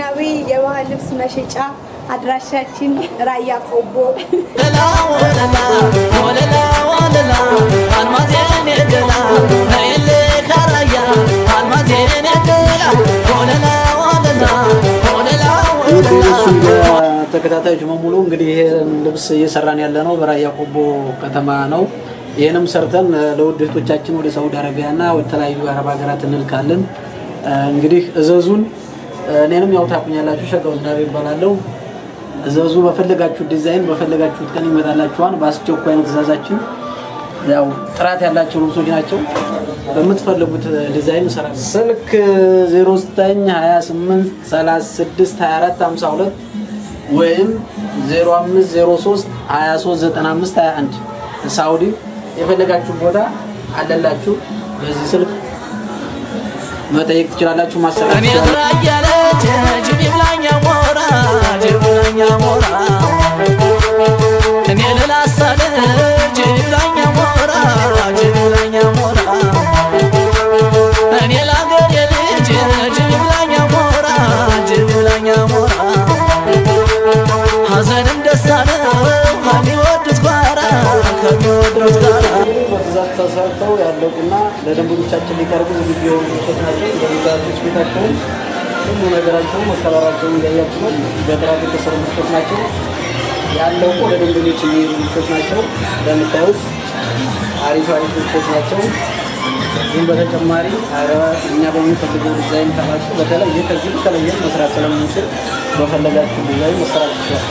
ዘመናዊ የባህል ልብስ መሸጫ አድራሻችን ራያ ቆቦ። ተከታታዮች በሙሉ እንግዲህ ይህን ልብስ እየሰራን ያለ ነው በራያ ቆቦ ከተማ ነው። ይህንም ሰርተን ለውድህቶቻችን ወደ ሳውዲ አረቢያና ወደ ተለያዩ አረብ ሀገራት እንልካለን። እንግዲህ እዘዙን። እኔንም ያው ታቁኛላችሁ፣ ሸጋው ዝናቤ ይባላለሁ። እዘዙ በፈለጋችሁ ዲዛይን በፈለጋችሁት ቀን ይመጣላችኋል። በአስቸኳይ ነው ትእዛዛችን። ያው ጥራት ያላቸው ልብሶች ናቸው። በምትፈልጉት ዲዛይን ይሰራል። ስልክ 52 ወይም 21 ሳውዲ የፈለጋችሁ ቦታ አለላችሁ በዚህ ስልክ መጠየቅ ትችላላችሁ። ማሰራ ተሰርተው ያለቁና ለደንበኞቻችን ሊቀርቡ ዝግጁ የሆኑ ልብሶች ናቸው። እንደሚታያቸው ስፌታቸውን፣ ሁሉ ነገራቸውን፣ መከራራቸውን እያያችሁ ነው። በጥራት የተሰሩ ልብሶች ናቸው። ያለቁ ለደንበኞች የሚሄዱ ልብሶች ናቸው። እንደምታዩት አሪፍ አሪፍ ልብሶች ናቸው። እዚህም በተጨማሪ እኛ በሚፈልገው ዲዛይን ካላችሁ በተለየ ከዚህ ተለየ መስራት ስለምንችል በፈለጋችሁ ዲዛይን መስራት ይችላል።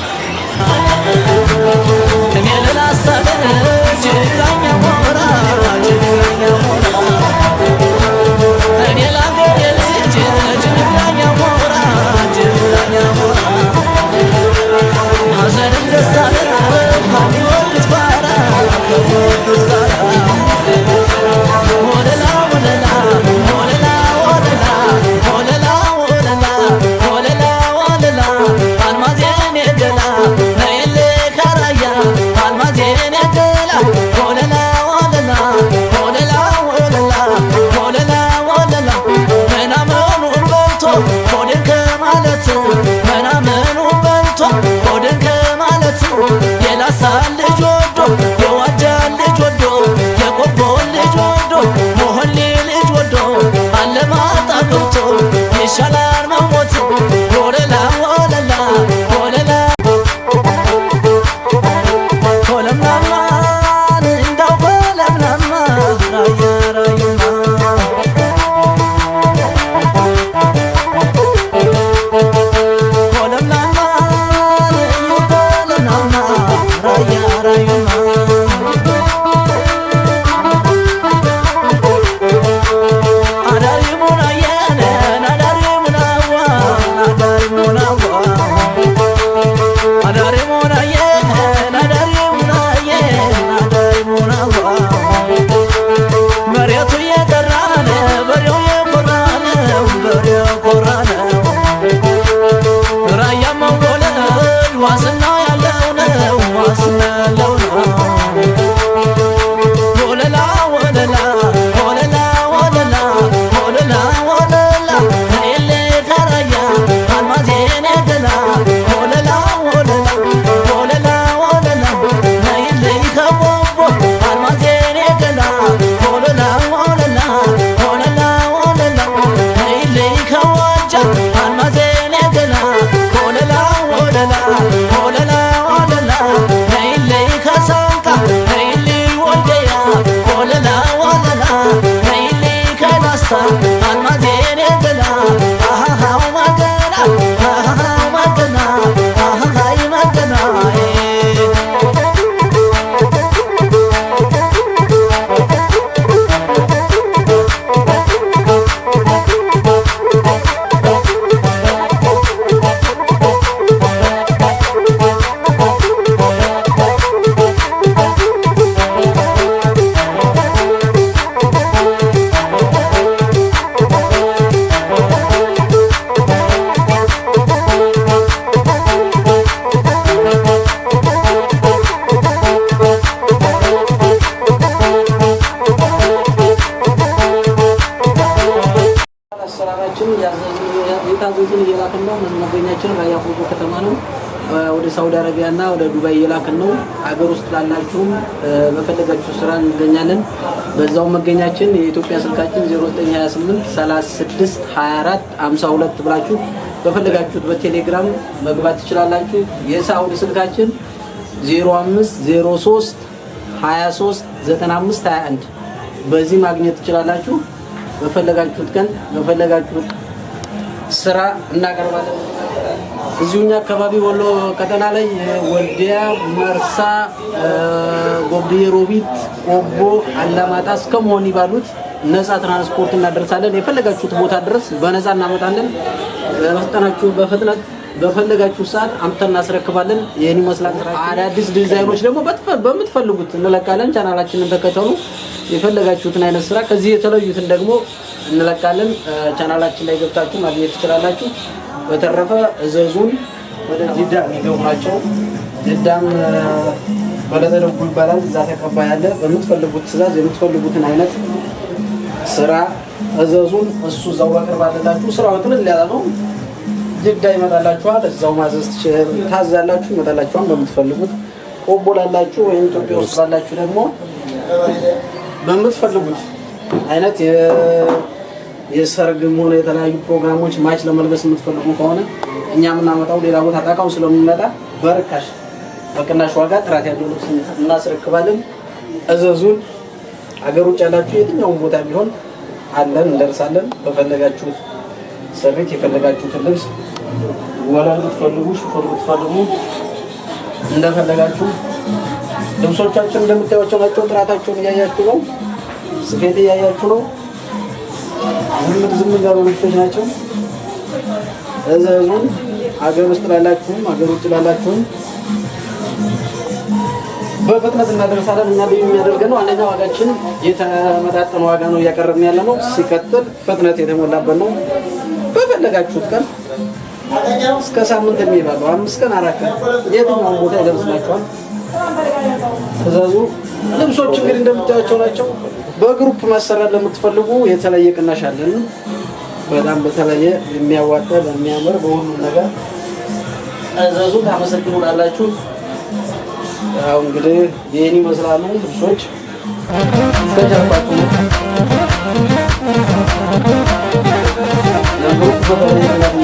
ሳውዲ እና ወደ ዱባይ እየላክን ነው። ሀገር ውስጥ ላላችሁም በፈለጋችሁ ስራ እንገኛለን። በዛው መገኛችን የኢትዮጵያ ስልካችን 0928 36 24 52 ብላችሁ በፈለጋችሁት በቴሌግራም መግባት ትችላላችሁ። የሳውዲ ስልካችን 0503 23 95 21 በዚህ ማግኘት ትችላላችሁ። በፈለጋችሁት ቀን በፈለጋችሁት ስራ እናቀርባለን። እዚሁኛ አካባቢ ወሎ ቀጠና ላይ ወልዲያ፣ መርሳ፣ ጎብዬ ሮቢት፣ ቆቦ፣ አላማጣ እስከ መሆኒ ባሉት ነፃ ትራንስፖርት እናደርሳለን። የፈለጋችሁት ቦታ ድረስ በነፃ እናመጣለን። በፍጥናችሁ በፍጥነት በፈለጋችሁ ሰዓት አምጥተን እናስረክባለን። ይህን ይመስላል። አዳዲስ ዲዛይኖች ደግሞ በምትፈልጉት እንለቃለን። ቻናላችንን ተከተሉ። የፈለጋችሁትን አይነት ስራ ከዚህ የተለዩትን ደግሞ እንለቃለን። ቻናላችን ላይ ገብታችሁ ማግኘት ትችላላችሁ። በተረፈ እዘዙን ወደ ጅዳ የሚገቡ ናቸው። ጅዳም በለተደጉ ይባላል። እዛ ተቀባይ አለ። በምትፈልጉት ትእዛዝ የምትፈልጉትን አይነት ስራ እዘዙን። እሱ እዛው በቅርብ አለላችሁ። ስራው ቅልል ያለ ነው። ጅዳ ይመጣላችኋል። እዛው ማዘዝ ታዛላችሁ፣ ይመጣላችኋል በምትፈልጉት። ቆቦ ላላችሁ ወይም ኢትዮጵያ ውስጥ ላላችሁ ደግሞ በምትፈልጉት አይነት የሰርግም ሆነ የተለያዩ ፕሮግራሞች ማች ለመልበስ የምትፈልጉ ከሆነ እኛ የምናመጣው ሌላ ቦታ ጠቃው ስለምንመጣ በርካሽ በቅናሽ ዋጋ ጥራት ያለው ልብስ እናስረክባለን። እዘዙን። አገር ውጭ ያላችሁ የትኛውን ቦታ ቢሆን አለን፣ እንደርሳለን። በፈለጋችሁት ስሪት የፈለጋችሁትን ልብስ ወለል ብትፈልጉ፣ ሽፎን ብትፈልጉ እንደፈለጋችሁ ልብሶቻችን እንደምታዩቸው ናቸው። ጥራታቸውን እያያችሁ ነው። ስፌት እያያችሁ ነው። ዝም ዝም ያሉ ልብሶች ናቸው። እዘዙን። አገር ውስጥ ላላችሁም አገር ውጭ ላላችሁም በፍጥነት እናደርሳለን እና ልዩ የሚያደርገን ነው። አንደኛ ዋጋችን የተመጣጠነ ዋጋ ነው እያቀረብን ያለ ነው። ሲቀጥል ፍጥነት የተሞላበት ነው። በፈለጋችሁት ቀን እስከ ሳምንት የሚባለው አምስት ቀን አራት ቀን የትኛውን ቦታ ይደርስላችኋል። እዘዙ። ልብሶች እንግዲህ እንደምታያቸው ናቸው። በግሩፕ መሰራት ለምትፈልጉ የተለየ ቅናሽ አለን። በጣም በተለየ የሚያዋጣ በሚያምር በሁሉም ነገር እዘዙ። ታመሰግኑላላችሁ። ያው እንግዲህ ይህን ይመስላሉ ልብሶች ከጀርባችሁ ለግሩፕ በተለየ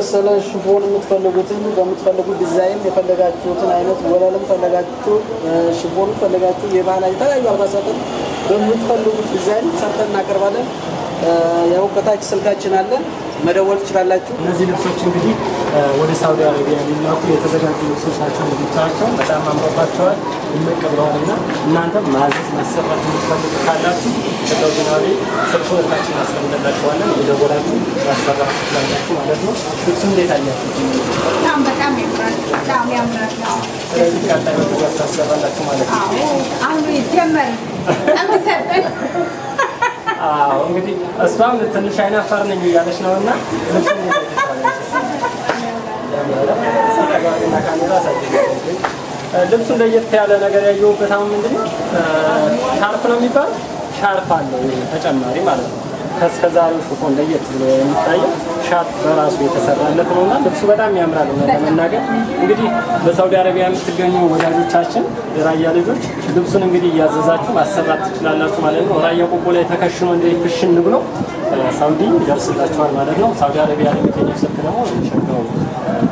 የመሰለ ሽፎን የምትፈልጉትን በምትፈልጉት ዲዛይን የፈለጋችሁትን አይነት ወለልም ፈለጋችሁ ሽፎን ፈለጋችሁ የባህላዊ የተለያዩ አልባሳትን በምትፈልጉት ዲዛይን ሰርተን እናቀርባለን። ያው ከታች ስልካችን አለ። መደወል ትችላላችሁ። እነዚህ ልብሶች እንግዲህ ወደ ሳውዲ አረቢያ የሚላኩ የተዘጋጁ ልብሶች ናቸው። እንደሚቻቸው በጣም አምሮባቸዋል፣ ይመቅ ብለዋል እና እናንተም ማዘዝ ማሰራት የምትፈልጉ ካላችሁ ከዛው ዝናቤ ስልኮታችን አስቀምጠላችኋለን። የደወላችሁ ማሰራት ትችላላችሁ ማለት ነው። ልብሱ እንዴት አያችሁ? በጣም በጣም ያምራል፣ በጣም ያምራል። ስለዚህ ቀጣይ ያሳሰባላችሁ ማለት ነው። አሁን ይጀመር ሰጠን አዎ እንግዲህ እሷም ትንሽ አይናፋር ነኝ እያለች ነው እና ልብሱን ለየት ያለ ነገር ያየሁበት አሁን ምንድን ነው ሻርፕ ነው የሚባል ሻርፕ አለው ተጨማሪ ማለት ነው። ከስከዛሬው ሽፎን ለየት ብሎ የሚታየው ሻርፕ በራሱ የተሰራለት ነው እና ልብሱ በጣም ያምራል ለመናገር እንግዲህ በሳውዲ አረቢያ የምትገኙ ወዳጆቻችን የራያ ልጆች ልብሱን እንግዲህ እያዘዛችሁ ማሰራት ትችላላችሁ ማለት ነው። ራያ ቆቦ ላይ ተከሽኖ እንደ ፍሽን ብሎ ሳውዲ ይደርስላችኋል ማለት ነው። ሳውዲ አረቢያ ለሚገኘው ስልክ ደግሞ ሸገው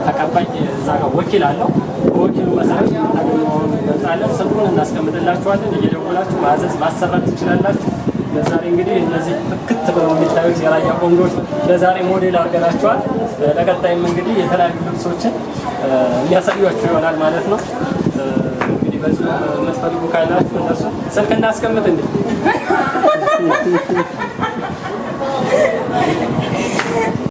ተቀባይ እዛ ጋር ወኪል አለው። በወኪሉ መሰረት ታገኘውን ገልጻለን። ስልኩን እናስቀምጥላችኋለን። እየደወላችሁ ማዘዝ ማሰራት ትችላላችሁ። ለዛሬ እንግዲህ እነዚህ ፍክት ብለው የሚታዩት የራያ ቆንጆች ለዛሬ ሞዴል አድርገናቸዋል። ለቀጣይም እንግዲህ የተለያዩ ልብሶችን የሚያሳዩቸው ይሆናል ማለት ነው። እንግዲህ በዚ የምትፈልጉ ካላችሁ እነሱ ስልክ እናስቀምጥ እንዴ